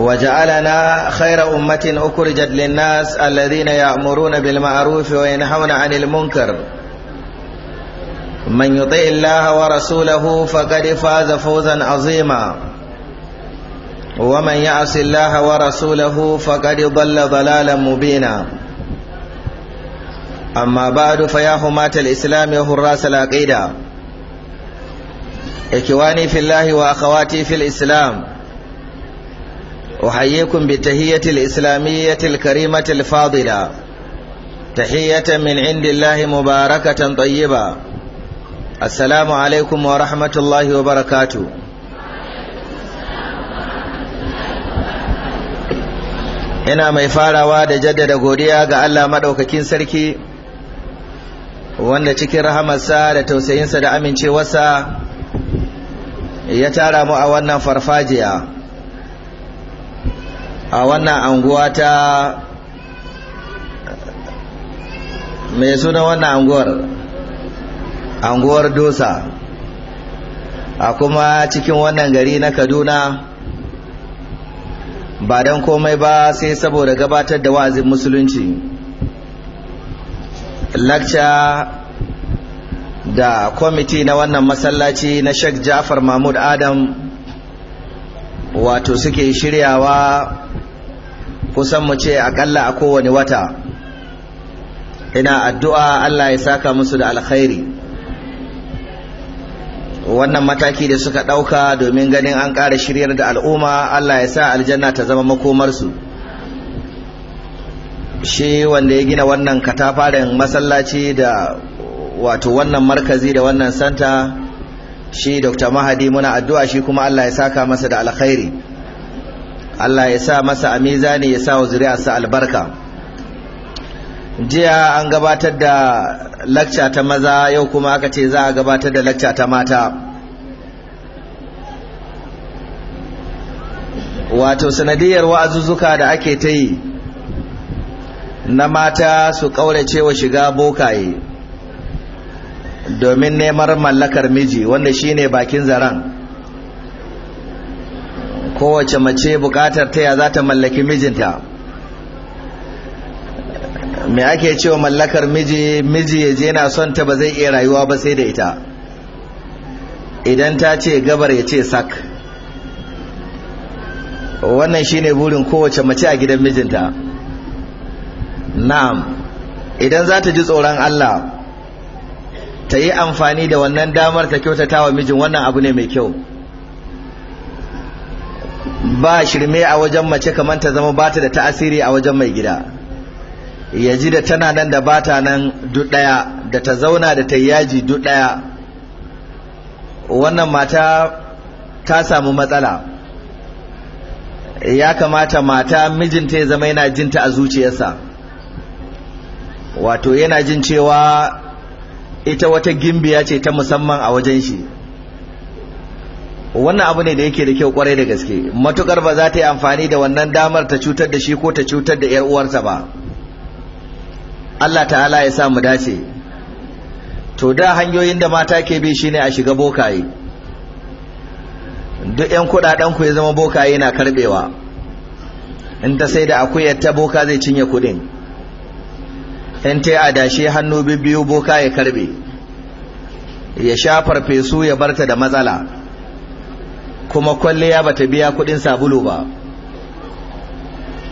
وجعلنا خير أمة أخرجت للناس الذين يأمرون بالمعروف وينهون عن المنكر من يطع الله ورسوله فقد فاز فوزا عظيما ومن يعص الله ورسوله فقد ضل ضلالا مبينا أما بعد فيا حماة الإسلام وحراس العقيدة إخواني في الله وأخواتي في الإسلام أحييكم بتهية الإسلامية الكريمة الفاضلة تحية من عند الله مباركة طيبة السلام عليكم ورحمة الله وبركاته ina mai farawa da jaddada godiya ga Allah maɗaukakin sarki wanda cikin rahamarsa da tausayinsa da amincewarsa ya tara mu a wannan farfajiya a wannan anguwa ta mai suna wannan anguwar anguwar dosa a kuma cikin wannan gari na kaduna ba don komai ba sai saboda gabatar da wa'azin musulunci lakca da kwamiti na wannan masallaci na sheikh jafar mahmud adam wato suke shiryawa kusan mu ce akalla a kowane wata ina addu'a Allah ya saka musu da alkhairi wannan mataki da suka ɗauka domin ganin an ƙara shiryar da al'umma Allah ya sa aljanna ta zama makomarsu shi wanda ya gina wannan katafaren masallaci da wato wannan markazi da wannan santa shi dr mahadi muna addu'a shi kuma Allah ya saka masa da alkhairi Allah ya sa masa amiza ne ya sa wa zuriyarsa albarka jiya an gabatar da lakca ta maza yau kuma aka ce za a gabatar da lakca ta mata wato sanadiyar wa'azuzzuka da ake ta yi na mata su ƙaurace wa shiga bokaye domin neman mallakar miji wanda shine bakin zaren kowace mace bukatar ta ya za ta mallaki mijinta me ake cewa mallakar miji miji ya je na son ta ba zai iya rayuwa ba sai da ita idan ta ce gabar ya ce sak wannan shine burin kowace mace a gidan mijinta na'am idan za ta ji tsoron Allah ta yi amfani da wannan damar ta kyautata wa mijin wannan abu ne mai kyau ba shirme a wajen mace kamar ta zama bata da ta'asiri a wajen mai gida ya ji da tana nan da bata nan duk ɗaya da ta zauna da ta yaji duk ɗaya wannan mata ta samu matsala ya kamata mata mijinta ya zama yana jinta a zuciyarsa wato yana jin cewa ita wata gimbiya ce ta musamman a wajen shi wannan abu ne da yake da kyau kwarai da gaske matukar ba za ta yi amfani da wannan damar ta cutar da shi ko ta cutar da yar uwarsa ba Allah ta'ala ya sa mu dace to da hanyoyin da mata ke bi shine a shiga bokaye duk yan kudaden ku ya zama bokaye na karbewa in ta sai da akuyar ta boka zai cinye kudin in ta a dashe hannu bibbiyu boka ya karbe ya sha farfesu ya barta da matsala kuma kwalliya bata biya kudin sabulu ba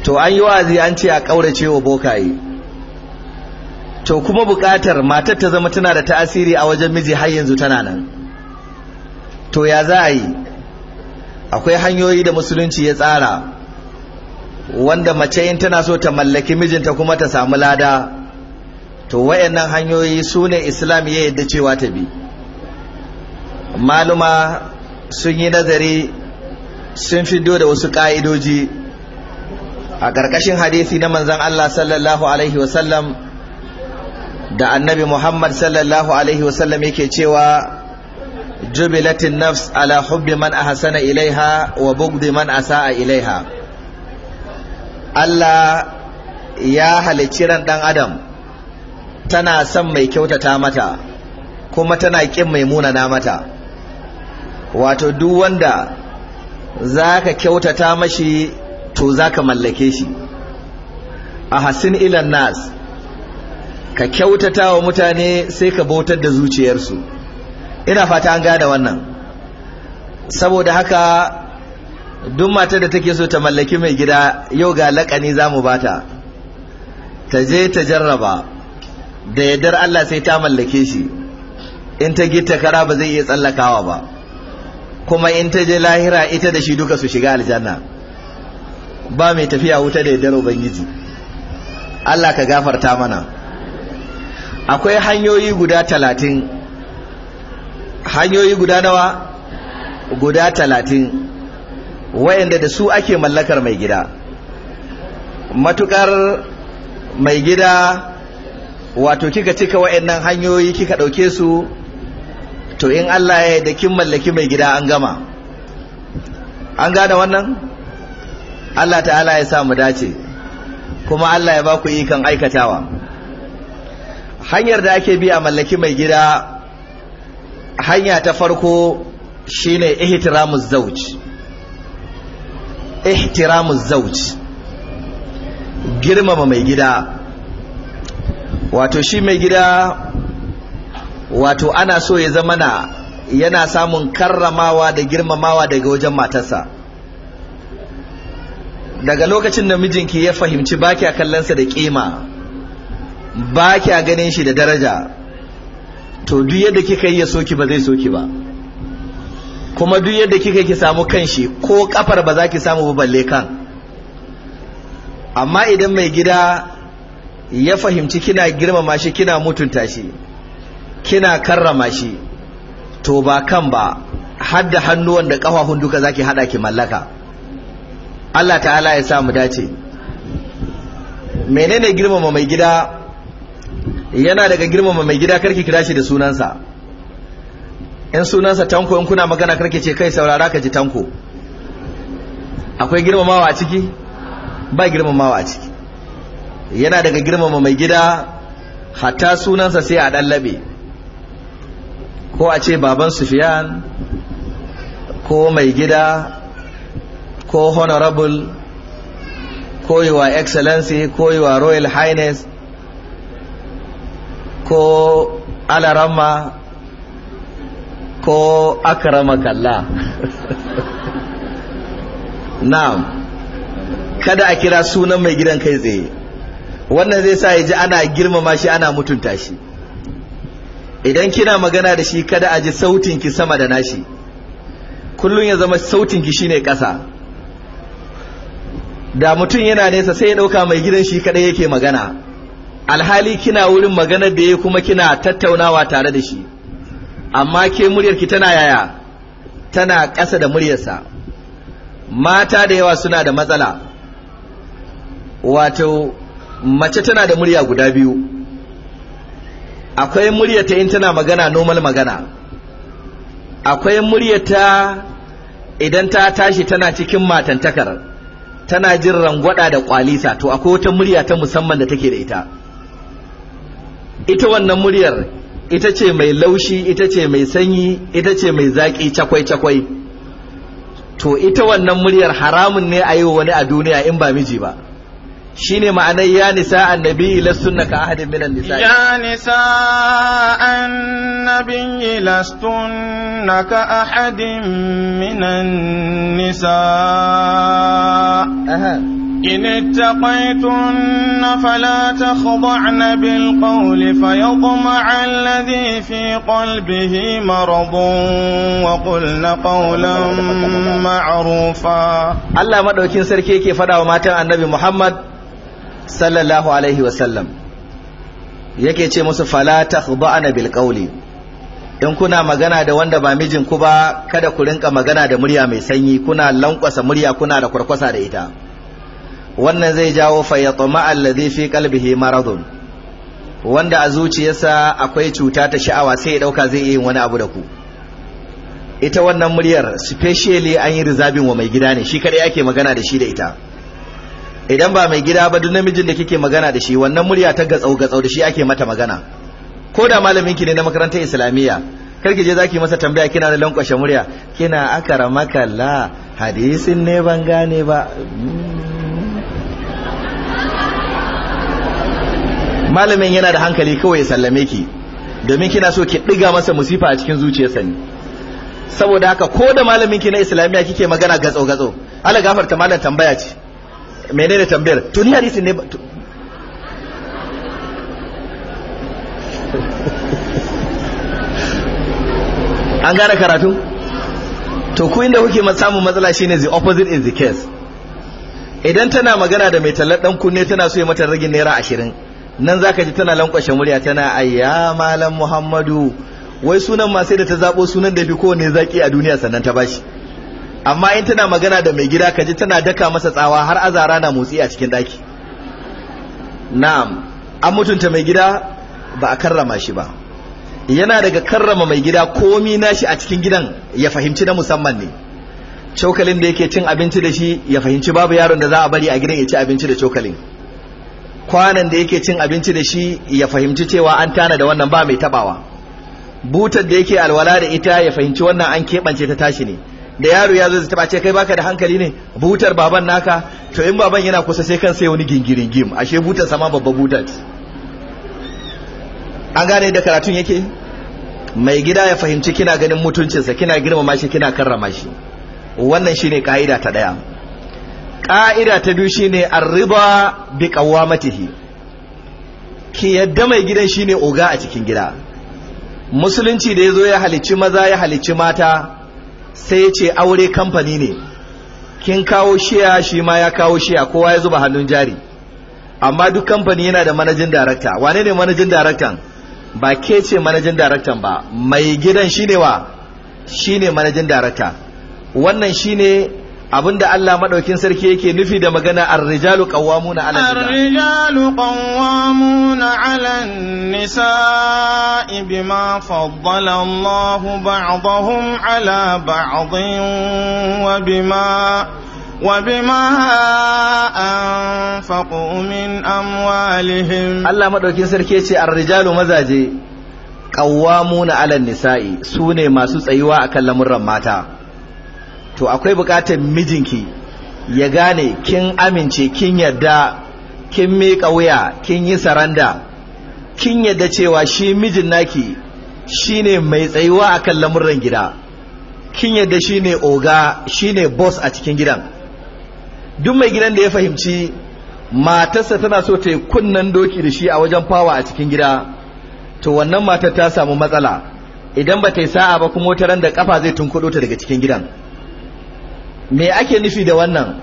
to an yi wa'azi an ce a kaurace wa bokaye to kuma buƙatar matar ta zama tana da tasiri a wajen miji har yanzu tana nan to ya za a yi akwai hanyoyi da musulunci ya tsara wanda mace in tana so ta mallaki mijinta kuma ta samu lada to wayannan hanyoyi su ne islam ya yadda cewa ta bi maluma sun yi nazari sun fido da wasu ƙa'idoji a ƙarƙashin hadisi na manzan Allah sallallahu Alaihi wasallam da annabi Muhammad sallallahu Alaihi wasallam yake cewa jubilatin nafs ala hubbi man a ahsana ilaiha wa bugdi man a Sa'a ilaiha Allah ya halicci ran ɗan adam tana son mai kyautata mata kuma tana ƙin mai munana mata wato duk wanda za ka kyautata mashi to za ka mallake shi a hasin ilan nas ka kyautata wa mutane sai ka bautar da zuciyarsu ina fata an gada wannan saboda haka duk matar da take so ta mallaki mai gida yau ga lakani za mu bata ta je ta jarraba da yardar Allah sai ta mallake shi in ta gita kara ba zai iya tsallakawa ba kuma in ta je lahira ita da shi duka su shiga aljanna ba mai tafiya wuta da yaddar ubangiji Allah ka gafarta mana akwai hanyoyi guda talatin hanyoyi guda nawa guda talatin wayanda da su ake mallakar mai gida matukar mai gida wato kika cika wayannan hanyoyi kika ɗauke su to in Allah ya da kin mallaki mai gida an gama an gane wannan Allah ta'ala ya sa mu dace kuma Allah ya ba ku ikon aikatawa hanyar da ake bi a mallaki mai gida hanya ta farko shine ihtiramuz zawj ihtiramuz zawj girmama mai gida wato shi mai gida wato ana so ya zama na yana samun karramawa da girmamawa daga wajen matarsa daga lokacin da mijinki ya fahimci ba kya kallonsa da kima ba kya ganin shi da daraja to duk yadda kika yi ya soki ba zai soki ba kuma duk yadda kika ki samu kanshi ko kafar ba za ki samu ba balle kan amma idan mai gida ya fahimci kina girmama shi kina mutunta shi kina karrama shi to ba kan ba har da hannuwan da kafafun duka zaki hada ki mallaka Allah ta'ala ya sa mu dace menene girmama mai gida yana daga girmama mai gida karki kira shi da sunansa in sunansa tanko in kuna magana karki ce kai saurara ka ji tanko akwai girmamawa a ciki ba girmamawa a ciki yana daga girmama mai gida hatta sunansa sai a ɗallabe ko a ce baban sufiyan ko mai gida ko honorable ko wa excellency ko wa royal highness ko alarama ko akarama kalla na'am kada a kira sunan mai gidan kai tsaye wannan zai sa ya ji ana girmama shi ana mutunta shi idan kina magana da shi kada a ji sautin ki sama da nashi Kullum ya zama sautin ki shine ƙasa da mutum yana nesa sai ya ɗauka mai gidan shi kada yake magana alhali kina wurin maganar da ya kuma kina tattaunawa tare da shi amma ke muryarki tana yaya tana ƙasa da muryarsa mata da yawa suna da matsala wato mace tana da murya guda biyu akwai muryata in tana magana normal magana akwai ta idan ta tashi tana cikin matantakar tana jin rangwada da kwalisa to akwai wata murya ta musamman da take da ita ita wannan muryar ita ce mai laushi ita ce mai sanyi ita ce mai zaƙi cakwai-cakwai to ita wannan muryar haramun ne a yi wa wani a duniya in ba miji ba shine ma'anar ya nisa annabi lastunna ka ahadin minan nisa ya nisa annabi lastunna ka ahadin minan nisa إن اتقيتن فلا تخضعن بالقول فيطمع الذي في قلبه مرض وقلن قولا معروفا الله مدوكين سركي كيف فدا وماتن النبي محمد sallallahu alaihi wasallam yake ce musu fala ba'ana bil qawli in kuna magana da wanda ba mijin ku ba kada ku rinka magana da murya mai sanyi kuna lankwasa murya kuna da kwarkwasa da ita wannan zai jawo fayatma allazi fi qalbihi maradun wanda a zuciyarsa akwai cuta ta sha'awa sai ya dauka zai yi wani abu da ku ita wannan muryar specially an yi rizabin wa mai gida ne shi kadai ake magana da shi da ita idan ba mai gida ba duk namijin da kike magana da shi wannan murya ta gatsau gatsau da shi ake mata magana ko da malamin ki ne na makarantar islamiyya kar ki je zaki masa tambaya kina da lankwashe murya kina akara la hadisin ne ban gane ba malamin yana da hankali kawai ya sallame ki domin kina so ki diga masa musifa a cikin zuciyarsa ne saboda haka ko da malamin ki na islamiyya kike magana gatsau gatsau ala gafarta malam tambaya ce menene tambayar to ni hadisin ne an gane karatu to ku inda kuke samun matsala shine the opposite is the case idan tana magana da mai tallar dan kunne tana so ya mata ragin naira ashirin nan zaka ji tana lankwashe murya tana ayya malam muhammadu wai sunan ma sai da ta zabo sunan da bi kowanne zaki a duniya sannan ta bashi amma in tana magana da mai gida kaji tana daka masa tsawa har azara na motsi a cikin daki na'am an mutunta mai gida ba a karrama shi ba yana daga karrama mai gida komi nashi a cikin gidan ya fahimci na musamman ne cokalin da yake cin abinci da shi ya fahimci babu yaron da za a bari a gidan ya ci abinci da cokalin kwanan da yake cin abinci da shi ya fahimci cewa an tana da wannan ba mai tabawa butar da yake alwala da ita ya fahimci wannan an keɓance ta tashi ne da yaro ya zo zai taba ce kai baka da hankali ne butar baban naka to in baban yana kusa sai kan sai wani gingirin gim ashe butar sama babba butar an gane da karatun yake mai gida ya fahimci kina ganin mutuncinsa kina girmama shi kina karrama shi wannan shine ka'ida ta daya ka'ida ta biyu shine arriba bi qawamatihi ki yadda mai gidan shine oga a cikin gida musulunci da yazo ya halicci maza ya halicci mata sai ya ce aure kamfani ne kin kawo shiya shi ma ya kawo shiya kowa ya zuba hannun jari amma duk kamfani yana da manajin darakta wane ne manajin daraktan ba ke ce manajin daraktan ba mai gidan ne wa shine manajin darakta wannan shine abinda Allah madaukin sarki yake nufi da magana ar-rijalu qawwamuna 'ala an-nisa ar-rijalu qawwamuna 'ala an-nisa'i bima faddala Allah ba'dahum 'ala ba'dhin wa bima وبما أنفقوا من أموالهم الله مدوكين سركيتي الرجال مزاجي قوامون على النساء سوني ما سوس akan كلمر ماتا to akwai bukatar mijinki ya gane kin amince kin yadda kin miƙa wuya kin yi saranda kin yadda cewa shi mijin naki shine mai tsayuwa akan lamuran gida kin yarda shine oga shine boss a cikin gidan duk mai gidan da ya fahimci matarsa tana so ta yi kunnen doki da shi a wajen fawa a cikin gida to wannan matar ta samu matsala idan ba ta yi sa'a ba kuma wata ran da kafa zai tunkuɗo ta daga cikin gidan me ake nufi da wannan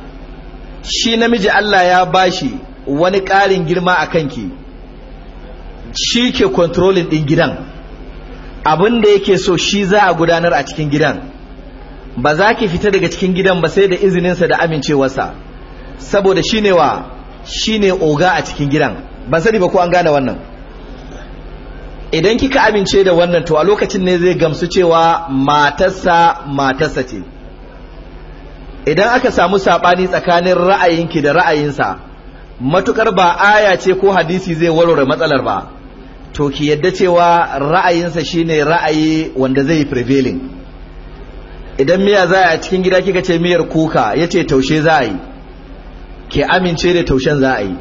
shi namiji Allah ya bashi wani ƙarin girma a kanki shi ke kontrolin ɗin gidan abinda da yake so shi za a gudanar a cikin gidan ba za ki fita daga cikin gidan ba sai da izininsa da amincewarsa saboda shi ne wa shi ne oga a cikin gidan ban sani ba ko an gane wannan idan kika amince da wannan to a lokacin ne zai gamsu cewa matarsa matarsa ce idan aka samu sabani tsakanin ra'ayinki da ra'ayinsa matukar ba aya ce ko hadisi zai warware matsalar ba to ki yadda cewa ra'ayinsa shine ra'ayi wanda zai prevailing idan miya za a cikin gida kika ce miyar kuka yace taushe za a yi ke amince da taushen za a yi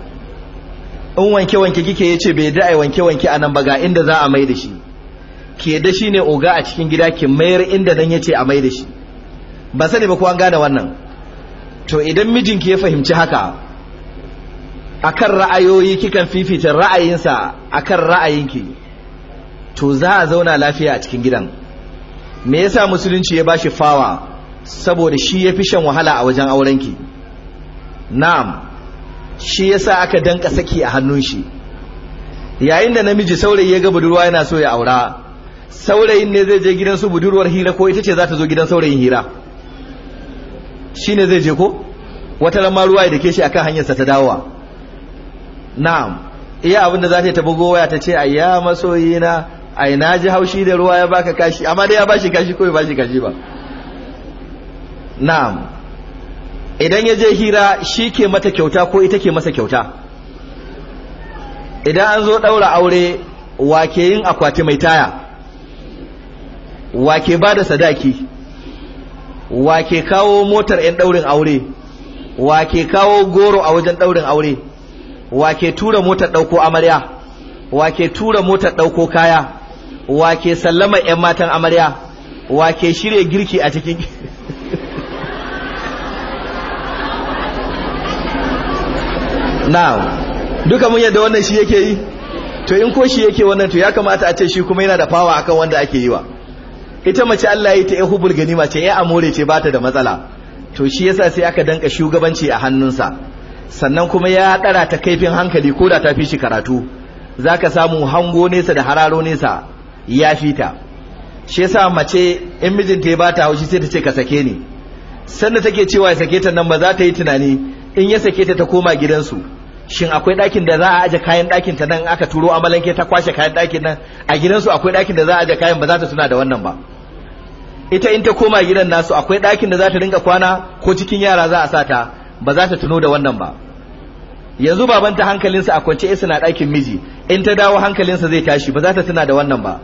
in wanke wanke kike ya ce bai da ai wanke wanke nan ba ga inda za a mai da shi ke da ne oga a cikin gida ki mayar inda nan yace a mai da shi ba sani ba ko an gane wannan to idan mijinki ya fahimci haka a kan ra'ayoyi kikan fifita ra'ayinsa a kan ra'ayinki to za a zauna lafiya a cikin gidan me yasa musulunci ya ba shi fawa saboda shi ya fi shan wahala a wajen aurenki na'am shi yasa aka danka saki a hannun shi yayin da namiji saurayi ya ga budurwa yana so ya aura saurayin ne zai je gidan su budurwar hira ko ita ce za ta zo gidan saurayin hira shine zai je ko wata ran ma ruwa ya dake shi akan hanyarsa ta dawowa na'am iya abin da za ta bugo waya ta ce ayya masoyina a na ji haushi da ruwa ya baka kashi amma dai ya bashi kashi ko ya bashi kashi ba na'am idan ya je hira shi ke mata kyauta ko ita ke masa kyauta idan an zo ɗaura aure wake yin akwati mai taya wake ba da sadaki wa ke kawo motar 'yan ɗaurin aure wa ke kawo goro a wajen ɗaurin aure wa ke tura motar ɗauko amarya wa ke tura motar ɗauko kaya wa ke sallama 'yan matan amarya wa ke shirya girki a cikin now duka mun yadda wannan shi yake yi to in ko shi yake wannan to ya kamata a ce shi kuma yana da fawa akan wanda ake yi wa ita mace Allah ya yi ta ehubul ganima ce ya amore ce bata da matsala to shi yasa sai aka danka shugabanci a hannunsa sannan kuma ya dara ta kaifin hankali ko da ta fi shi karatu zaka samu hango nesa da hararo nesa ya fita shi yasa mace in mijinta ya bata haushi sai ta ce ka sake ni sanda take cewa ya sake ta nan ba za ta yi tunani in ya sake ta ta koma gidansu shin akwai ɗakin da za a aje kayan ɗakin ta nan aka turo amalanke ta kwashe kayan ɗakin nan a gidansu akwai ɗakin da za a aje kayan ba za ta tuna da wannan ba ita in ta koma gidan nasu akwai ɗakin da za ta ringa kwana ko cikin yara za a sa ta ba za ta tuno da wannan ba yanzu babanta hankalinsa a kwance isa na ɗakin miji in ta dawo hankalinsa zai tashi ba za ta tuna da wannan ba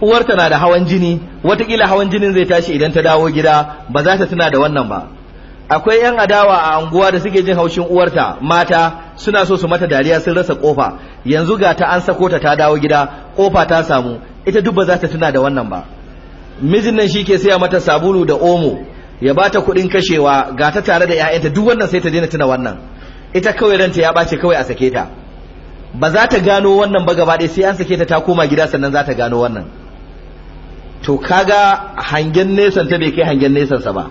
uwarta na da hawan jini watakila hawan jinin zai tashi idan ta dawo gida ba za ta tuna da wannan ba akwai yan adawa a anguwa da suke jin haushin uwarta mata suna so su mata dariya sun rasa kofa yanzu ga ta an sako ta ta dawo gida kofa ta samu ita duk ba za ta tuna da wannan ba mijin nan shi ke saya mata sabulu da omo ya ba ta kuɗin kashewa ga ta tare da 'ya'yanta duk wannan sai ta daina tuna wannan ita kawai ranta ya ɓace kawai a sake ta ba za ta gano wannan ba gaba ɗaya sai an sake ta ta koma gida sannan za ta gano wannan to kaga hangen nesan ta bai kai hangen nesan sa ba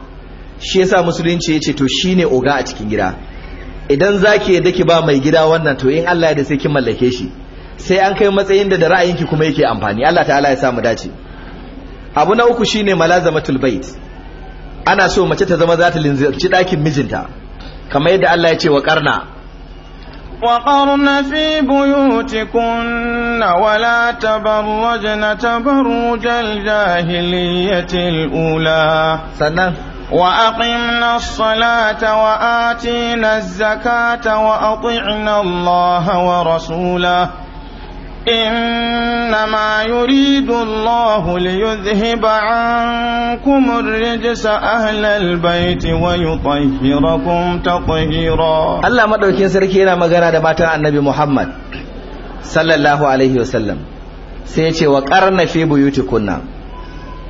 shi yasa musulunci ya ce to ne oga a cikin gida idan za zaki yadda ki ba mai gida wannan to in Allah ya da sai kin mallake shi sai an kai matsayin da da ra'ayinki kuma yake amfani Allah ta'ala ya sa mu dace abu na uku shine malazamatul bait ana so mace ta zama zata linzi dakin mijinta kamar yadda Allah yace ce wa qarna wa qarna fi buyutikunna wa la tabarrujna tabarrujal jahiliyatil ula sanan wa aqimna ssalata wa atina zakata wa ati'na allaha wa rasulahu إنما يريد الله ليذهب عنكم الرجس أهل البيت ويطهركم تطهيرا الله ما دوكين سركي yana magana da matan Annabi Muhammad sallallahu alaihi wasallam sai ya ce wa qarna fi buyutikunna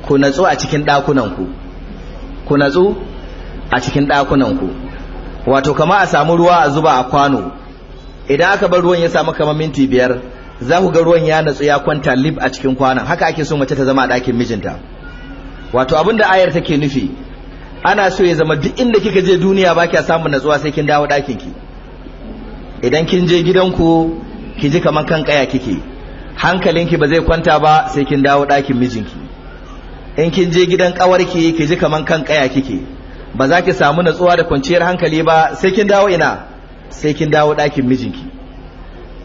ku natsu a cikin dakunanku ku natsu a cikin dakunanku wato kama a samu ruwa a zuba a kwano idan aka bar ruwan ya samu kamar minti biyar za ku ga ruwan ya natsu ya kwanta lib a cikin kwanan haka ake so mace ta zama a ɗakin mijinta wato abin da ayar take nufi ana so ya zama duk inda kika je duniya ba kya samun natsuwa sai kin dawo ɗakin ki idan kin je gidanku ki ji kamar kan kaya kike hankalinki ba zai kwanta ba sai kin dawo ɗakin mijinki in kin je gidan ƙawarki ki ji kamar kan kaya kike ba za ki samu natsuwa da kwanciyar hankali ba sai kin dawo ina sai kin dawo ɗakin mijinki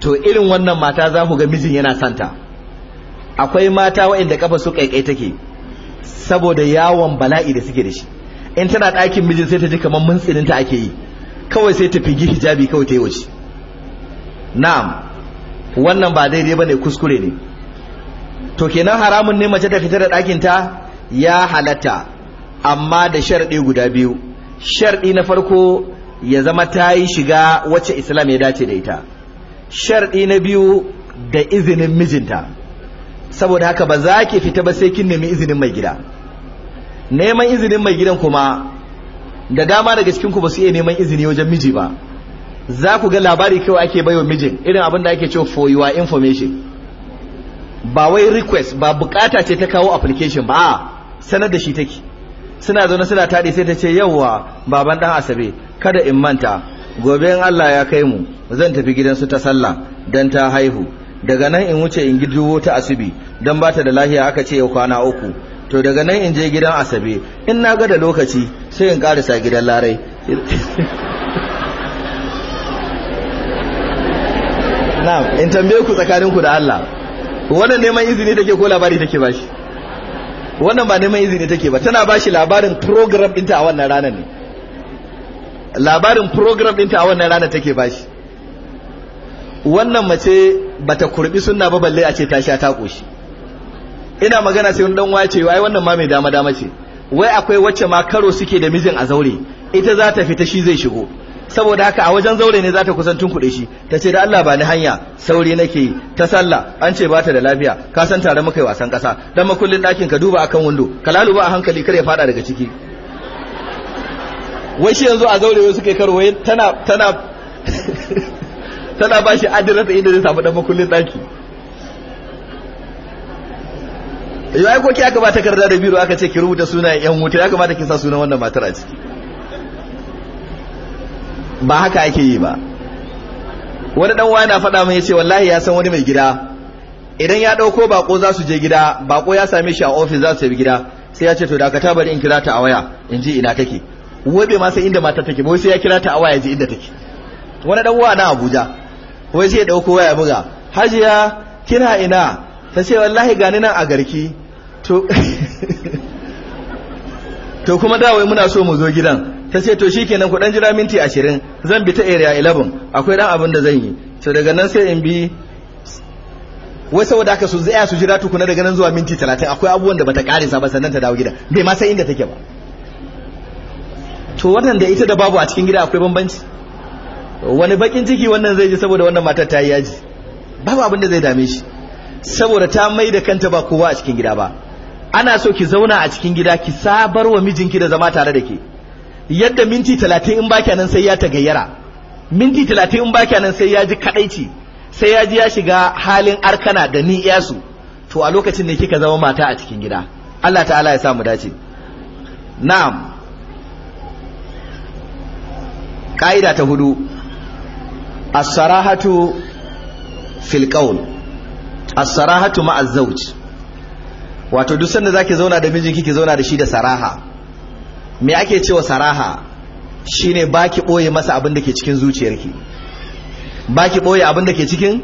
to irin wannan mata za ku ga mijin yana santa akwai mata waɗanda kafa su kaikai take saboda yawon bala'i da suke da shi in tana ɗakin mijin sai ta ji kamar mun ta ake yi kawai sai ta figi hijabi kawai ta yi waje na'am wannan ba daidai bane kuskure ne to kenan haramun ne mace ta fita da ɗakin ta ya halatta amma da sharɗi guda biyu sharɗi na farko ya zama ta yi shiga wacce islam ya dace da ita sharɗi na biyu da izinin mijinta saboda haka ba za ki fita ba sai kin nemi izinin mai gida neman izinin mai gidan kuma da dama daga cikin ku ba su iya neman izini wajen miji ba za ku ga labari kawai ake wa mijin irin abin da ake cewa for your information ba wai request ba bukata ce ta kawo application ba sanar da shi take suna zaune suna tadi sai ta ce yawwa baban dan asabe kada in manta gobe in Allah ya kai mu zan tafi gidansu ta sallah dan ta haihu daga nan in wuce in giduwo ta asibi dan bata da lahiya aka ce ya kwana uku to daga nan in je gidan asabe in na ga da lokaci sai in karisa gidan larai na'am in tambaye ku tsakaninku da Allah wannan neman izini take ko labari take bashi wannan ba neman izini take ba tana bashi labarin program dinta a wannan ranar ne labarin program dinta a wannan ranar take bashi wannan mace ba bata kurbi sunna ba balle a ce ta sha ta ƙoshi ina magana sai wani ɗanwa ce wai wannan ma mai dama dama ce wai akwai wacce ma karo suke da mijin a zaure ita za ta fita shi zai shigo saboda haka a wajen zaure ne za ta kusan tun kuɗe shi ta ce da Allah ba ni hanya sauri nake yi ta sallah an ce ba ta da lafiya ka san tare muka yi wasan ƙasa dan makullin ɗakin ka duba akan wando ka laluba a hankali kar ya fada daga ciki wai shi yanzu a zaure wai suke karo wai tana tana ba shi adiras inda zai samu dan makullin daki yau ai koki aka ba takarda da biro aka ce ki rubuta sunayen yan mutu ya kamata ki sa sunan wannan matar a ciki ba haka ake yi ba wani dan wani na faɗa min yace wallahi ya san wani mai gida idan ya ɗauko bako za su je gida bako ya same shi a ofis za su je gida sai ya ce to dakata bari in kira ta a waya in ji ina take wobe bai ma sai inda matar take ba sai ya kira ta a waya ji inda take wani dan uwa na Abuja wai sai ya dauko waya buga hajiya kina ina ta ce wallahi gani nan a garki to to kuma da wai muna so mu zo gidan ta ce to shikenan ku dan jira minti 20 zan bi ta area 11 akwai dan abin da zan yi to daga nan sai in bi wai saboda haka su tsaya su jira tukuna daga nan zuwa minti 30 akwai abubuwan da bata karisa ba sannan ta dawo gida bai ma san inda take ba to wannan da ita da babu a cikin gida akwai bambanci wani bakin ciki wannan zai ji saboda wannan matar ta yi yaji babu abin da zai dame shi saboda ta mai da kanta ba kowa a cikin gida ba ana so ki zauna a cikin gida ki sabar wa mijinki da zama tare da ke yadda minti talatin in baki nan sai ya ta gayyara minti talatin in baki nan sai ya ji kadaici sai ya ji ya shiga halin arkana da ni iyasu to a lokacin ne kika zama mata a cikin gida Allah ta'ala ya sa mu dace na'am ka'ida ta hudu as-sarahatu fil qawl as-sarahatu ma'a zawj wato duk sanda zaki zauna da mijinki ki zauna da shi da saraha me ake cewa saraha shine baki boye masa abin da ke cikin zuciyarki baki boye abin da ke cikin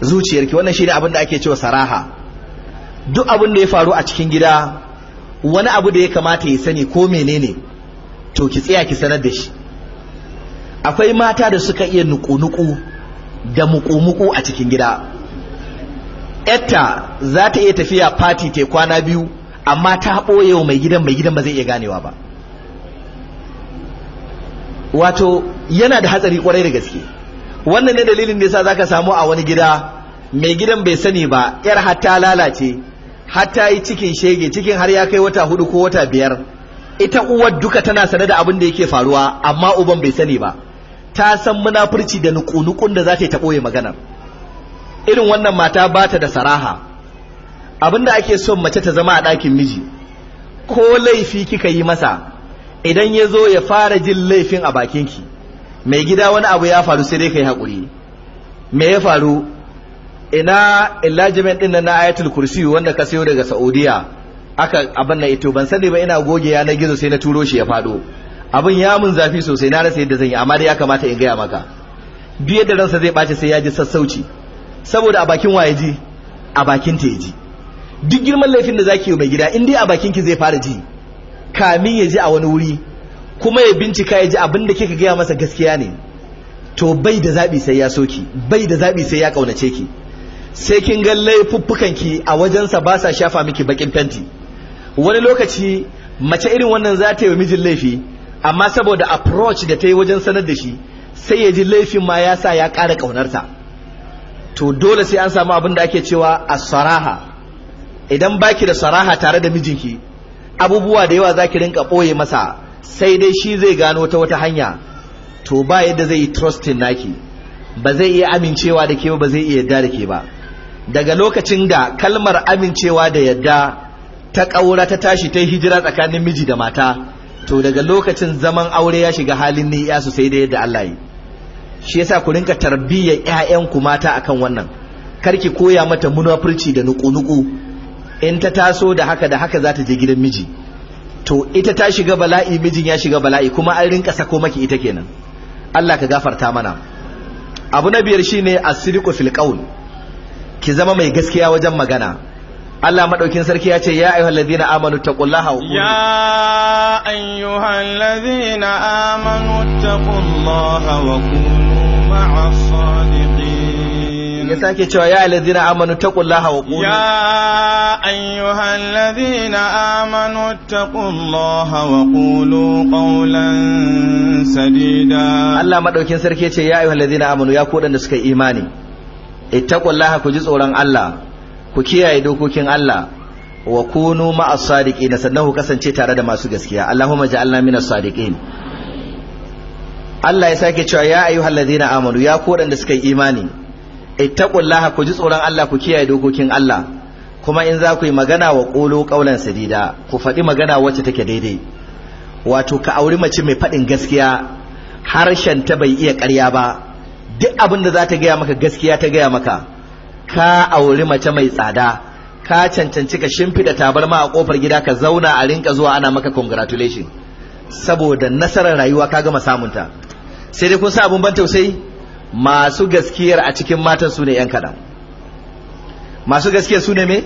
zuciyarki wannan shine abin da ake cewa saraha duk abin da ya faru a cikin gida wani abu da ya kamata ya sani ko menene to ki tsaya ki sanar da shi akwai mata da suka iya nuku-nuku da muku a cikin gida etta za ta iya tafiya fati ta kwana biyu amma ta ɓoye wa mai gidan mai gidan ba zai iya ganewa ba wato yana da hatsari kwarai da gaske wannan ne dalilin da yasa ka samu a wani gida mai gidan bai sani ba yar hatta lalace hatta yi cikin shege cikin har ya kai wata hudu ko wata biyar ita uwar duka tana sane da abin da yake faruwa amma uban bai sani ba ta san munafurci da nukunukun da za ta yi ta ɓoye maganar irin wannan mata ba ta da saraha Abin da ake son mace ta zama a ɗakin miji ko laifi kika yi masa idan ya zo ya fara jin laifin a bakinki mai gida wani abu ya faru sai dai ka yi haƙuri me ya faru ina illajimen ɗin na ayatul kursi wanda ka sayo daga saudiya aka abin na ito ban sani ba ina goge yanar gizo sai na turo shi ya faɗo abin ya mun zafi sosai na rasa yadda zan yi amma dai ya kamata in gaya maka duk yadda ransa zai ɓaci sai ya ji sassauci saboda a bakin waye ji a bakin ta ji duk girman laifin da zaki yi mai gida in dai a bakin ki zai fara ji kamin ya ji a wani wuri kuma ya bincika ya ji abin da kika gaya masa gaskiya ne to bai da zaɓi sai ya soki bai da zaɓi sai ya ƙaunace ki sai kin ga laifuffukan ki a wajensa ba sa shafa miki bakin fenti wani lokaci mace irin wannan za ta yi wa mijin laifi amma saboda approach da ta yi wajen sanar da shi sai ya ji laifin ma ya sa ya ƙara ƙaunarta to dole sai an samu abin da ake cewa a saraha idan baki da saraha tare da mijinki abubuwa da yawa za ki rinka ɓoye masa sai dai shi zai gano ta wata hanya to ba yadda zai yi trusting naki ba zai iya amincewa da ke ba zai iya yarda da ke ba daga lokacin da kalmar amincewa da yarda ta ƙaura ta tashi ta hijira tsakanin miji da mata to daga lokacin zaman aure ya shiga halin ni ya sai da yadda Allah yi shi yasa ku rinka tarbiyyar ƴaƴanku mata akan wannan kar ki koya mata munafurci da nuku-nuku in ta taso da haka da haka za ta je gidan miji to ita ta shiga bala'i mijin ya shiga bala'i kuma an rinka sako maki ita kenan Allah ka gafarta mana abu na biyar shine as-sidqu fil qawl ki zama mai gaskiya wajen magana Allah madaukin sarki ya ce ya ayyuhal ladina amanu taqullaha ya ayyuhal ladina amanu taqullaha wa kunu ma'as sadiqin ya sake cewa ya ayyuhal amanu taqullaha wa kunu ya ayyuhal ladina amanu taqullaha wa qulu qawlan sadida Allah madaukin sarki ya ce ya ayyuhal ladina amanu ya ku da suka imani ittaqullaha ku ji tsoron Allah ku kiyaye dokokin Allah wa kunu ma'as sadiqin sannan ku kasance tare da masu gaskiya Allahumma ja'alna minas sadiqin Allah ya sake cewa ya ayyuhal ladina amanu ya ku da suka yi imani ittaqullaha ku ji tsoron Allah ku kiyaye dokokin Allah kuma in za ku yi magana wa qulu qawlan sadida ku faɗi magana wacce take daidai wato ka auri mace mai faɗin gaskiya harshen ta bai iya ƙarya ba duk abin da za ta gaya maka gaskiya ta gaya maka ka auri mace mai tsada ka cancanci ka shimfiɗa tabarma a kofar gida ka zauna a rinka zuwa ana maka congratulation saboda nasarar rayuwa ka gama samunta sai dai kun sa abun ban tausayi masu gaskiyar a cikin matan su ne 'yan kaɗan masu gaskiyar su ne me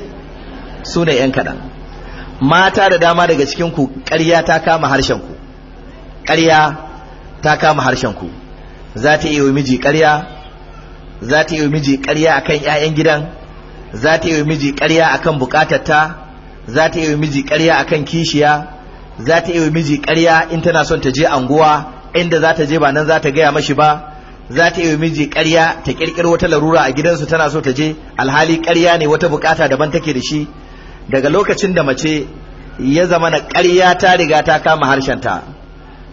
su ne 'yan kaɗan mata da dama daga cikin ku ƙarya ta kama harshen ku ƙarya ta kama harshen ku za ta iya miji ƙarya za ta yi miji ƙarya akan 'ya'yan gidan za ta yi miji ƙarya akan bukatarta za ta yi miji ƙarya akan kishiya za ta yi miji ƙarya in tana son ta je anguwa inda za ta je ba nan za ta gaya mashi ba za ta yi miji ƙarya ta ƙirƙiro wata larura a gidansu tana so ta je alhali ƙarya ne wata bukata daban take da shi daga lokacin da mace ya zama na ƙarya ta riga ta kama harshenta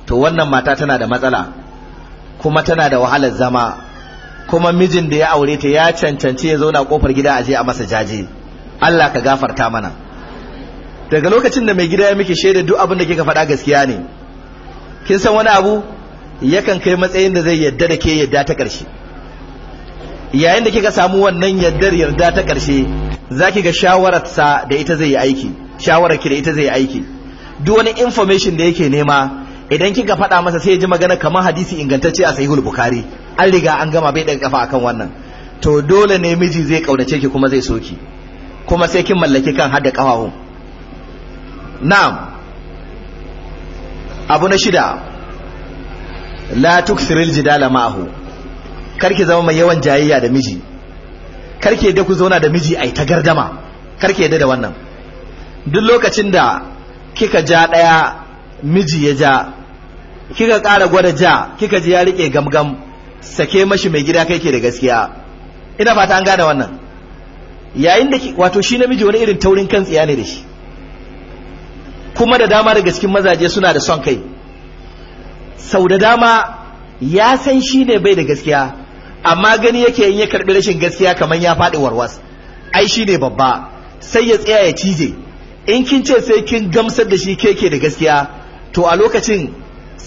to wannan mata tana da matsala kuma tana da wahalar zama kuma mijin da ya aure ta ya cancanci ya zauna kofar gida a je a masa jaje Allah ka gafarta mana daga lokacin da mai gida ya muke shaida duk abin da kika faɗa gaskiya ne kin san wani abu yakan kai matsayin da zai yadda da ke yadda ta ƙarshe yayin da kika samu wannan yaddar yarda ta ƙarshe zaki ga shawararsa da ita zai yi aiki shawarar ki da ita zai yi aiki duk wani information da yake nema idan kika faɗa masa sai ya ji magana kamar hadisi ingantacce a sahihul bukhari an riga an gama bai daga kafa akan wannan to dole ne miji zai kaunace ki kuma zai so ki kuma sai kin mallaki kan hada kafafun na'am abu na shida la tuksiril jidala ma'ahu karki zama mai yawan jayayya da miji karki da ku zauna da miji ai ta gardama karki yadda da wannan duk lokacin da kika ja daya miji ya ja kika ƙara gwada ja kika ji ya rike gamgam sake mashi mai gida kai ke da gaskiya ina fata an gane wannan yayin da wato shi namiji wani irin taurin kan tsiya ne da shi kuma da dama daga cikin mazaje suna da son kai sau da dama ya san shi ne bai da gaskiya amma gani yake in ya karbi rashin gaskiya kamar ya faɗi warwas ai shi ne babba sai ya tsaya ya cije in kin ce sai kin gamsar da shi keke da gaskiya to a lokacin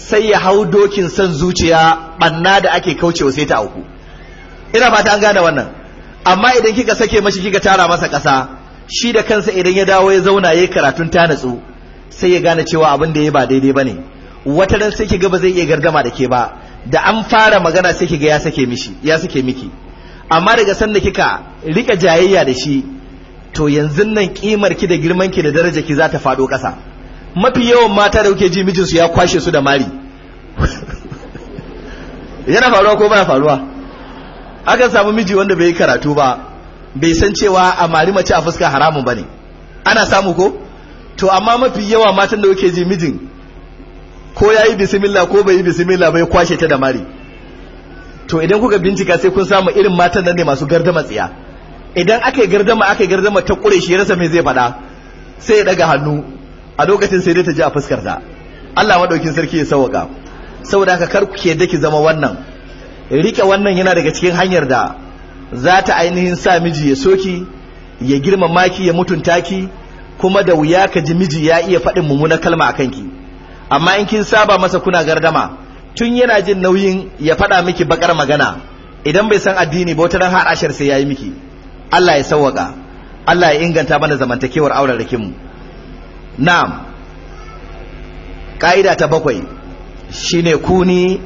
sai ya hau dokin son zuciya banna da ake kauce kaucewa sai ta auku ina fata an gane wannan amma idan kika sake mashi kika tara masa ƙasa shi da kansa idan ya dawo ya zauna yayi karatun ta natsu sai ya gane cewa abin da ya ba daidai bane wata ran sai kiga ba zai iya gardama da ke ba da an fara magana sai kiga ya sake mishi ya sake miki amma daga da kika rika jayayya da shi to yanzu nan kimar ki da girman ki da daraja ki za ta faɗo ƙasa mafi yawan mata da kuke ji mijinsu ya kwashe su da mari yana faruwa ko baya faruwa akan samu miji wanda bai yi karatu ba bai san cewa a mari mace a fuska haramun bane ana samu ko to amma mafi yawa matan da kuke ji mijin ko ya yi bismillah ko bai yi bismillah bai kwashe ta da mari to idan kuka bincika sai kun samu irin matan nan ne masu gardama tsiya idan aka yi gardama aka yi gardama ta kure shi ya rasa me zai faɗa sai ya daga hannu a lokacin sai dai ta ji a fuskar ta Allah madaukin sarki ya sauka saboda haka kar ku da ki zama wannan rike wannan yana daga cikin hanyar da za ta ainihin sa miji ya soki ya girmama ki ya mutunta ki kuma da wuya ka ji miji ya iya faɗin mummunar kalma a ki. amma in kin saba masa kuna gardama tun yana jin nauyin ya faɗa miki bakar magana idan bai san addini ba wata ran har ashar sai yayi miki Allah ya sauka Allah ya inganta mana zamantakewar auren rikinmu mu na'am ƙa'ida ta bakwai shine kuni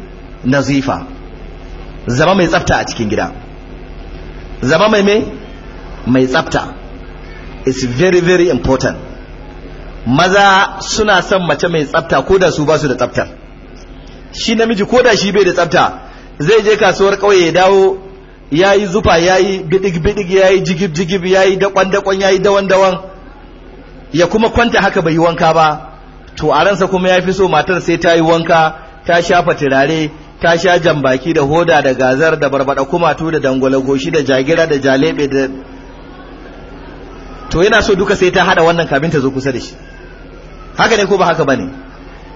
nazifa zama mai tsafta a cikin gida zama mai mai mai tsafta is very very important maza suna son mace mai tsafta ko da su ba da tsaftar shi namiji ko da shi bai da tsafta zai je kasuwar ƙauye ya dawo ya yi zufa ya yi bidig bidig ya yi jigib jigib ya yi dakon dakon ya yi dawan dawan ya kuma kwanta haka bai yi wanka ba to a ransa kuma ya fi so matar sai ta yi wanka ta shafa turare ta sha jambaki da hoda da gazar da barbada kumatu da dangwala goshi da jagira da jalebe da to yana so duka sai ta hada wannan kamin ta zo kusa da shi haka ne ko ba haka bane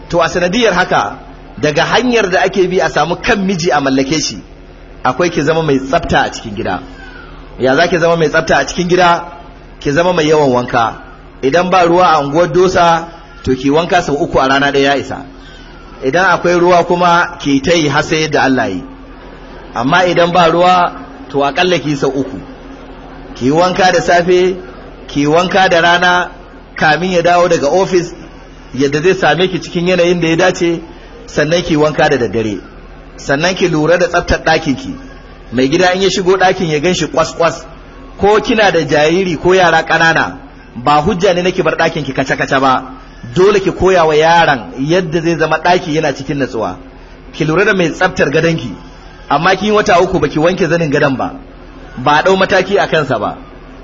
to a sanadiyar haka daga hanyar da ake bi a samu kan miji a mallake shi akwai ki zama mai tsafta a cikin gida ya za ki zama mai tsafta a cikin gida ki zama mai yawan wanka idan ba ruwa a unguwar dosa to ki wanka sau uku a rana ɗaya ya isa idan akwai ruwa kuma ki ta yi har sai yadda Allah yi amma idan ba ruwa to aƙalla ki sau uku ki wanka da safe ki wanka da rana kamin ya dawo daga ofis yadda zai same ki cikin yanayin da ya dace sannan ki wanka da daddare sannan ki lura da tsaftar ɗakin ki mai gida in ya shigo ɗakin ya gan shi kwas kwas ko kina da jariri ko yara ƙanana ba hujja ne nake bar ɗakin ki kaca kaca ba dole ki koya wa yaran yadda zai zama ɗaki yana cikin natsuwa ki lura da mai tsaftar ki amma kin wata uku baki wanke zanin gadon ba ba a ɗau mataki a kansa ba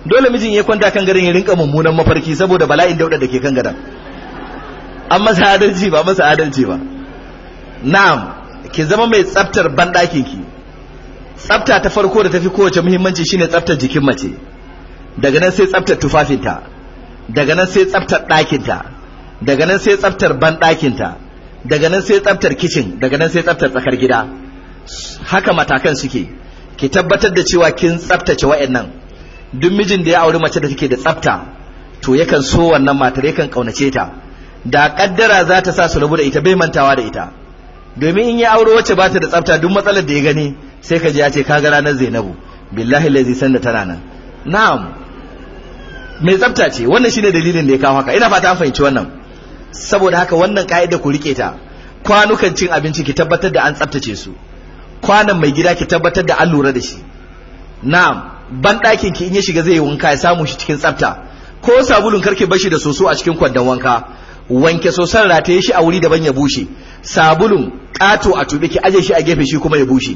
dole mijin ya kwanta kan gadon ya rinka mummunan mafarki saboda bala'in dauɗa da ke kan gadon an masa adalci ba masa adalci ba na'am ki zama mai tsaftar banɗakin ki tsafta ta farko da tafi kowace muhimmanci shine tsaftar jikin mace daga nan sai tsaftar tufafinta daga nan sai tsaftar ɗakinta daga nan sai tsaftar ban banɗakinta daga nan sai tsaftar kicin daga nan sai tsaftar tsakar gida haka matakan suke ki tabbatar da cewa kin tsaftace wa'annan duk mijin da ya auri mace da take da tsafta to yakan so wannan matar yakan kaunace ta da kaddara za ta sa su rabu da ita bai mantawa da ita domin in ya auro wacce ba ta da tsafta duk matsalar da ya gani sai ka ji ya ce ka ga ranar Zainabu billahi lazi sanda tana nan na'am mai tsafta ce wannan shine dalilin da ya kawo haka ina fata an fahimci wannan saboda haka wannan ka'ida ku rike ta kwanukan cin abinci ki tabbatar da an tsaftace su kwanan mai gida ki tabbatar da an lura da shi na'am ban ɗakin ki in ya shiga zai yi wanka ya samu shi cikin tsafta ko sabulun karki bashi da soso a cikin kwandon wanka wanke sosan rataye shi a wuri daban ya bushe sabulun ƙato a tube ki aje shi a gefe shi kuma ya bushe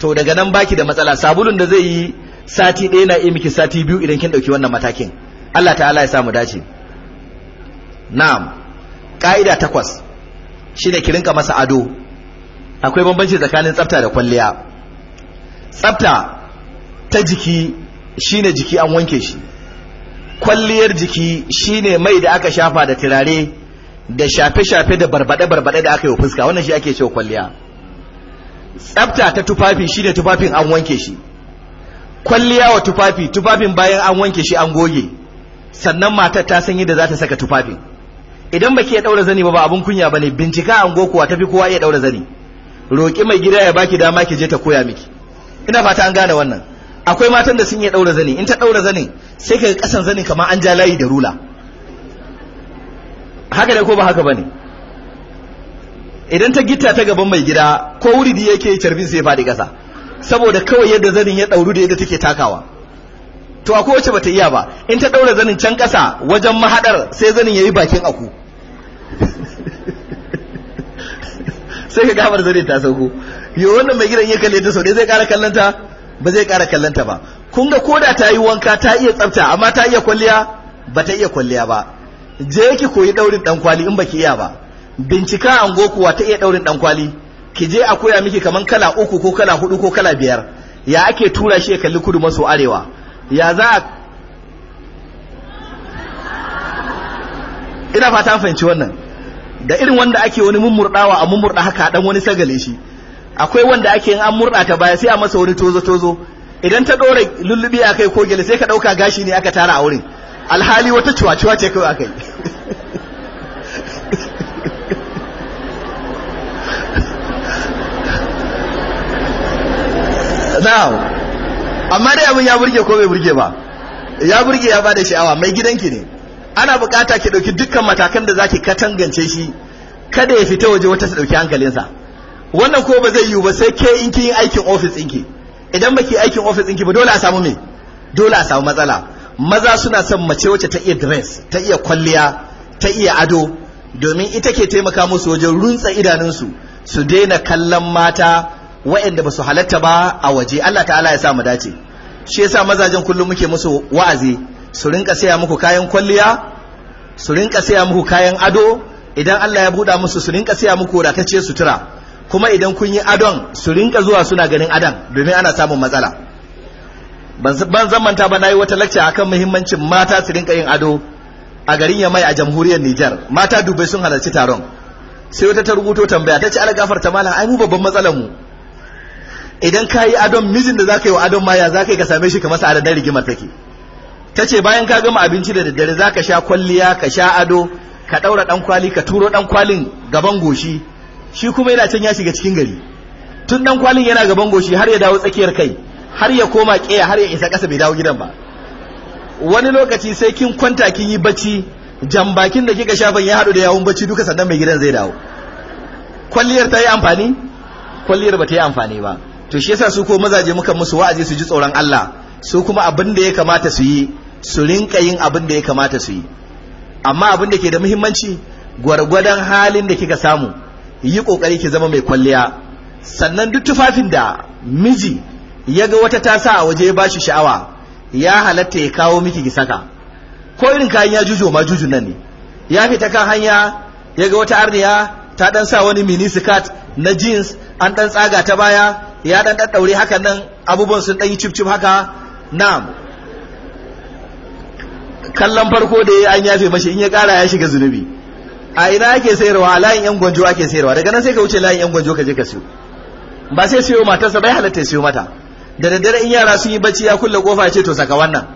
to daga nan baki da matsala sabulun da zai yi sati ɗaya na iya miki sati biyu idan kin ɗauki wannan matakin Allah ta'ala ya samu dace na'am ka'ida takwas shi ki kirinka masa ado akwai bambanci tsakanin tsafta da kwalliya tsafta ta jiki shi ne jiki an wanke shi kwalliyar jiki shi ne mai da aka shafa da turare da shafe-shafe da barbaɗe-barbaɗe da aka yi fuska wannan shi ake cewa kwalliya tsafta ta tufafi shi ne tufafin an wanke shi kwalliya wa tufafi tufafin bayan an wanke shi an goge sannan matar ta san yadda za ta saka tufafin idan baki ya daura zani ba ba abun kunya bane bincika an kuwa tafi kowa ya daura zani roki mai gida ya baki dama ki je ta koya miki ina fata an gane wannan akwai matan da sun iya daura zani in ta daura zani sai kaga kasan zani kamar an ja layi da rula haka da ko ba haka bane idan ta gitta ta gaban mai gida ko wuri da yake carbin sai ya fadi kasa saboda kawai yadda zanin ya dauru da yadda take takawa to akwai wacce bata iya ba in ta ɗaura zanin can kasa wajen mahadar sai zanin yayi bakin aku sai ka gabar zanin ta sauko yo wannan mai gidan ya kalle ta sau zai kara kallanta ba zai kara kallanta ba kun ga koda ta yi wanka ta iya tsafta amma ta iya kwalliya bata iya kwalliya ba je ki koyi ɗaurin dan kwali in baki iya ba bincika ango kuwa ta iya ɗaurin dan kwali ki je a koya miki kamar kala uku ko kala hudu ko kala biyar ya ake tura shi ya kalli kudu maso arewa ya za a ina fata fahimci wannan da irin wanda ake wani mummurdawa a mummurda haka dan wani sagale shi akwai wanda ake in an murda ta baya sai a masa wani tozo tozo idan ta dora lullubi a kai ko gele sai ka dauka gashi ne aka tara a wurin alhali wata ciwaciwa ce kawai akai now amma dai abin ya burge ko bai burge ba ya burge ya bada sha'awa mai gidanki ne ana bukata ki dauki dukkan matakan da zaki katangance shi kada ya fita waje wata su dauki hankalinsa wannan ko ba zai yiwu ba sai ke in kin aikin office ɗinki idan baki aikin office ɗinki ba dole a samu me dole a samu matsala maza suna son mace wacce ta iya dress ta iya kwalliya ta iya ado domin ita ke taimaka musu wajen runtsa idanunsu su daina kallon mata wa'anda ba su halatta ba a waje Allah ta'ala ya sa mu dace shi yasa mazajen kullum muke musu wa'azi su rinka saya muku kayan kwalliya su rinka saya muku kayan ado idan Allah ya buɗa musu su rinka saya muku wadatacce sutura kuma idan kun yi adon su rinka zuwa suna ganin adon domin ana samun matsala ban zamanta ba na yi wata lacca akan muhimmancin mata su rinka yin ado a garin Yamai a jamhuriyar Nijar mata dubai sun halarci taron sai wata ta rubuto tambaya ta ce ala gafarta malam ai mu babban matsalar mu idan ka yi adon mijin da za ka yi wa adon maya za ka yi ka same shi kamar sa'adar rigimar take ta ce bayan ka gama abinci da daddare za ka sha kwalliya ka sha ado ka ɗaura ɗan kwali ka turo ɗan kwalin gaban goshi shi kuma yana can ya shiga cikin gari tun ɗan kwalin yana gaban goshi har ya dawo tsakiyar kai har ya koma ƙeya har ya isa ƙasa bai dawo gidan ba wani lokaci sai kin kwanta kin yi bacci bakin da kika shafan ya haɗu da yawun bacci duka sannan mai gidan zai dawo kwalliyar ta yi amfani kwalliyar ba ta yi amfani ba to shi yasa su ko mazaje muka musu wa'azi su ji tsoron Allah su kuma abin da ya kamata su yi su rinka yin abin da ya kamata su yi amma abin da ke da muhimmanci gwargwadon halin da kika samu yi kokari ki zama mai kwalliya sannan duk tufafin da miji ya ga wata ta sa a waje ya bashi sha'awa ya halatta ya kawo miki ki saka ko irin kayan ya jujo ma jujun nan ne ya fita kan hanya ya ga wata arniya ta dan sa wani mini skirt na jeans an dan tsaga ta baya ya dan daddaure haka nan abubuwan sun dan yi cif haka na'am kallon farko da ya an yafe mashi in ya kara ya shiga zunubi a ina ake sayarwa a layin yan gwanjo ake sayarwa daga nan sai ka wuce layin yan gwanjo ka je ka siyo ba sai siyo matarsa bai halatta siyo mata da daddare in yara sun yi bacci ya kulle kofa ya ce to saka wannan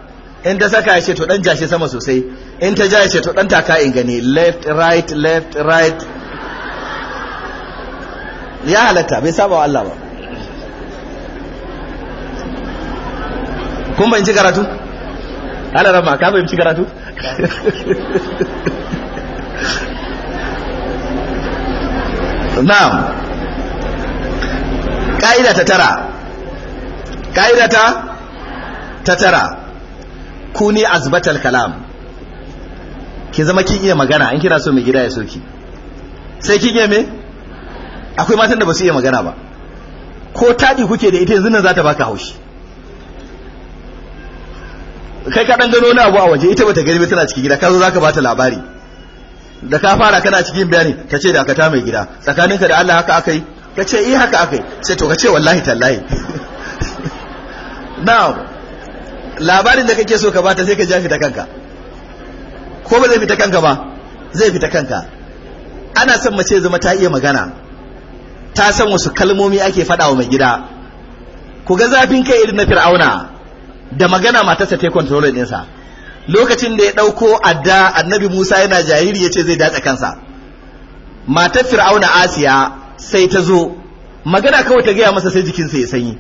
in ta saka ya ce to dan jashe sama sosai in ta ja ya ce to dan taka in gani left right left right ya halatta bai saba wa Allah ba kun ci karatu ala rama ka ci karatu na'am ka'ida ta tara ƙa'ida ta ta tara kuni azbatal kalam ki zama kin iya magana in kira so mai gida ya soki sai kin iya me akwai matan da ba su iya magana ba ko taɗi kuke da ita yanzu nan za ta baka haushi kai ka dan gano na abu a waje ita bata gani ba tana cikin gida ka zo zaka bata labari da ka fara kana cikin bayani ka ce da ka ta mai gida tsakaninka da Allah haka akai ka ce eh haka akai sai to ka ce wallahi tallahi now labarin da kake so ka bata sai ka ja fita kanka ko ba zai fita kanka ba zai fita kanka ana son mace zama ta iya magana ta san wasu kalmomi ake faɗa wa mai gida ku ga zafin kai irin na fir'auna da magana matarsa ta control ɗinsa lokacin da ya ɗauko adda annabi Musa yana jahiri ya ce zai datsa kansa matar fir'auna asiya sai ta zo magana kawai ta gaya masa sai jikinsa ya sanyi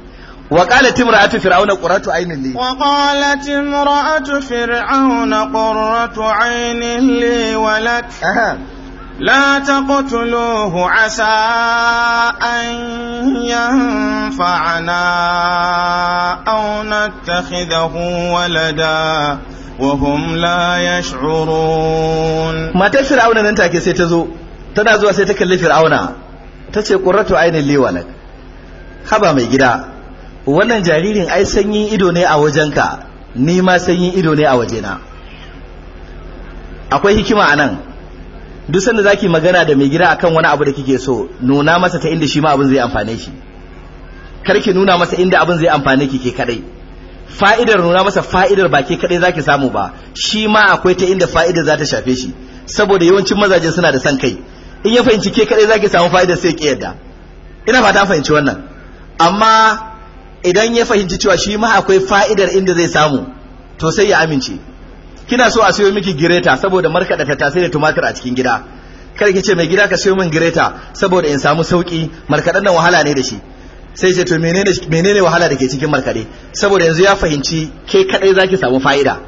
وقالت امرأة فرعون قرة عين لي وقالت امرأة فرعون قرة عين لي ولك أه. لا تقتلوه عسى أن ينفعنا أو نتخذه ولدا وهم لا يشعرون ما تفر أونا ننتا كي سيتزو تنازو سيتكلي فرعون تسي قرة عين اللي ولد خبا مي جدا wannan jaririn ai sanyin ido ne a wajenka ni ma sanyin ido ne a wajena akwai hikima a nan duk sanda zaki magana da mai gida akan wani abu da kike so nuna masa ta inda shi ma abin zai amfane shi kar ki nuna masa inda abin zai amfane ki ke kadai fa'idar nuna masa fa'idar ba ke kadai zaki samu ba shi ma akwai ta inda fa'idar za ta shafe shi saboda yawancin mazaje suna da san kai in ya fahimci ke kadai zaki samu fa'idar sai ki yadda ina fata fahimci wannan amma idan ya fahimci cewa shi ma akwai fa'idar inda zai samu to sai ya amince kina so a sayo miki gireta saboda markada tattasai da tumatir a cikin gida kar ki ce mai gida ka sayo min gireta saboda in samu sauki markaɗen nan wahala ne da shi sai ce to menene menene wahala da ke cikin markaɗe saboda yanzu ya fahimci ke kadai zaki samu fa'ida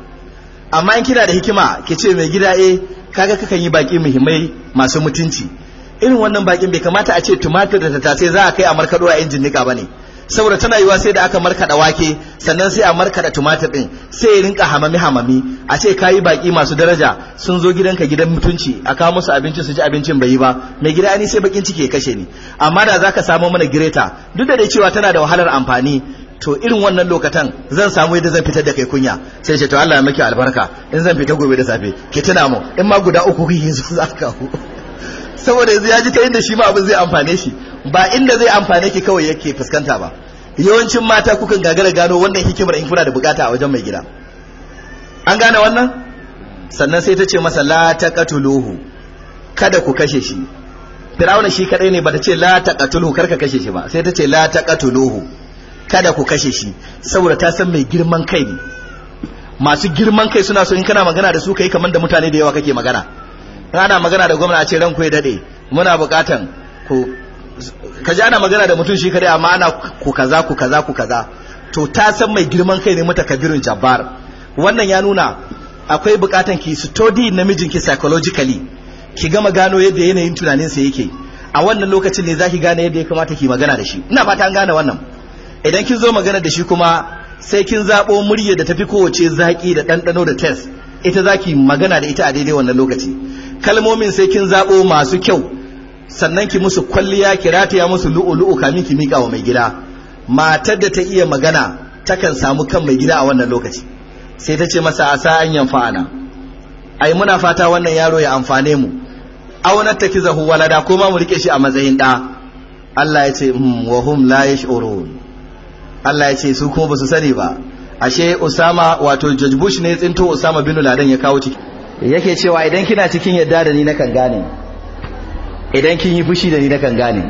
amma in kina da hikima ki ce mai gida eh kaga kakan yi baki muhimmai masu mutunci irin wannan bakin bai kamata a ce tumatir da tattasai za a kai a markado a injin nika bane ne saboda tana yiwa sai da aka markaɗa wake sannan sai a markada tumatir din sai ya rinka hamami hamami a ce kayi baki masu daraja sun zo gidanka gidan mutunci a kawo musu abinci su ji abincin bai yi ba mai gida ni sai bakin ciki ya kashe ni amma da zaka samo mana gireta duk da dai cewa tana da wahalar amfani to irin wannan lokatan zan samu yadda zan fitar da kai kunya sai ce to Allah ya maki albarka in zan fita gobe da safe ki tuna mu in ma guda uku kuke yanzu za ka saboda yanzu ya ji ta inda shi ma abin zai amfane shi ba inda zai amfane ki kawai yake fuskanta ba yawancin mata kukan gagara gano wannan hikimar in kuna da bukata a wajen mai gida an gane wannan sannan sai ta ce masa la taqatuluhu kada ku kashe shi Firawuna shi kadai ne bata ce la taqatuluhu kar ka kashe shi ba sai ta ce la taqatuluhu kada ku kashe shi saboda ta san mai girman kai ne masu girman kai suna so in kana magana da su kai kamar da mutane da yawa kake magana ana magana da gwamnati a ce ranku ya dade muna bukatan ku ka ji ana magana da mutum shi kadai amma ana ku kaza ku kaza ku kaza to ta san mai girman kai ne mata kabirin jabbar wannan ya nuna akwai bukatan ki study namijin ki psychologically ki gama gano yadda yanayin tunanin sa yake a wannan lokacin ne zaki gane yadda ya kamata ki magana da shi ina fata an gane wannan idan kin zo magana da shi kuma sai kin zabo murya da tafi kowace zaki da ɗanɗano da test ita zaki magana da ita a daidai wannan lokaci kalmomin sai kin zabo masu kyau sannan ki musu kwalliya ki rataya musu lu'ulu'u kamin ki miƙa wa mai gida matar da ta iya magana takan samu kan mai gida a wannan lokaci sai ta ce masa a sa'an yan fa'ana. ai muna fata wannan yaro ya amfane mu aunar ta kizahu walada ko ma mu rike shi a matsayin da Allah ya ce mm, wa hum la yash'urun Allah ya ce su kuma su sani ba ashe Usama wato George Bush ne tsinto Usama bin Laden ya kawo ciki yake cewa idan kina cikin yadda da ni na kan gane idan kin yi fushi da ni na kan gane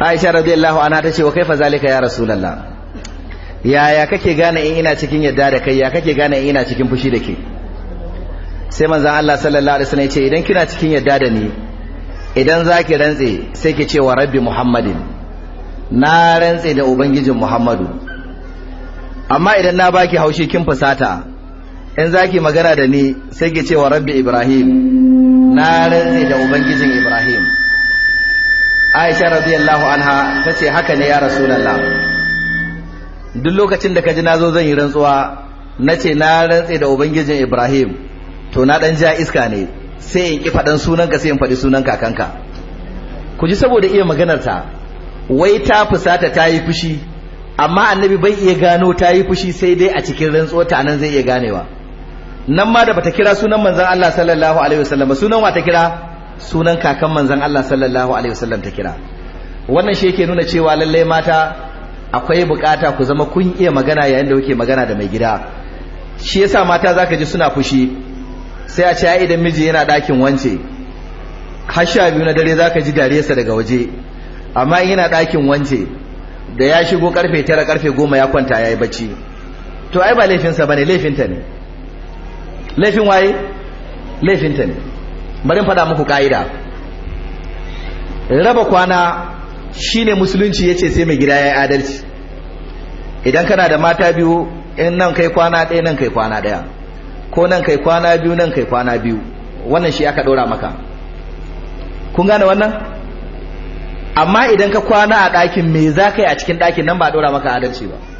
Aisha radiyallahu anha ta ce wa kaifa zalika ya rasulullah yaya kake gane in ina cikin yadda da kai ya kake gane in ina cikin fushi da ke sai manzon Allah sallallahu alaihi wasallam ya ce idan kina cikin yadda da ni idan zaki rantse sai ki ce wa rabbi muhammadin na rantse da ubangijin muhammadu amma idan na baki haushi kin fusata in zaki magana da ni sai ki ce wa rabbi ibrahim na rantse da ubangijin Ibrahim Aisha radiyallahu anha tace haka ne ya Rasulullah duk lokacin da ka ji nazo zan yi rantsuwa nace na rantse da ubangijin Ibrahim to na dan ja iska ne sai in ki fadan sunanka sai in faɗi sunan kakanka ku ji saboda iya maganar ta wai ta fusata ta yi fushi amma annabi bai iya gano ta yi fushi sai dai a cikin rantsuwa ta nan zai iya ganewa nan ma da bata kira sunan manzon Allah sallallahu alaihi wasallam sunan wa ta kira sunan kakan manzon Allah sallallahu alaihi wasallam ta kira wannan shi yake nuna cewa lalle mata akwai bukata ku zama kun iya magana yayin da kuke magana da mai gida shi yasa mata zaka ji suna fushi sai a ce ai idan miji yana dakin wance har sha biyu na dare zaka ji dariyarsa daga waje amma in yana dakin wance da ya shigo karfe 9 karfe 10 ya kwanta yayi bacci to ai ba laifinsa bane laifinta ne laifin waye laifin ta ne bari faɗa muku ka'ida raba kwana shine musulunci yace sai mai gida yayi adalci idan kana da mata biyu in nan kai kwana ɗaya nan kai kwana ɗaya ko nan kai kwana biyu nan kai kwana biyu wannan shi aka ɗora maka kun gane wannan amma idan ka kwana a ɗakin me za ka yi a cikin ɗakin nan ba a ɗora maka adalci ba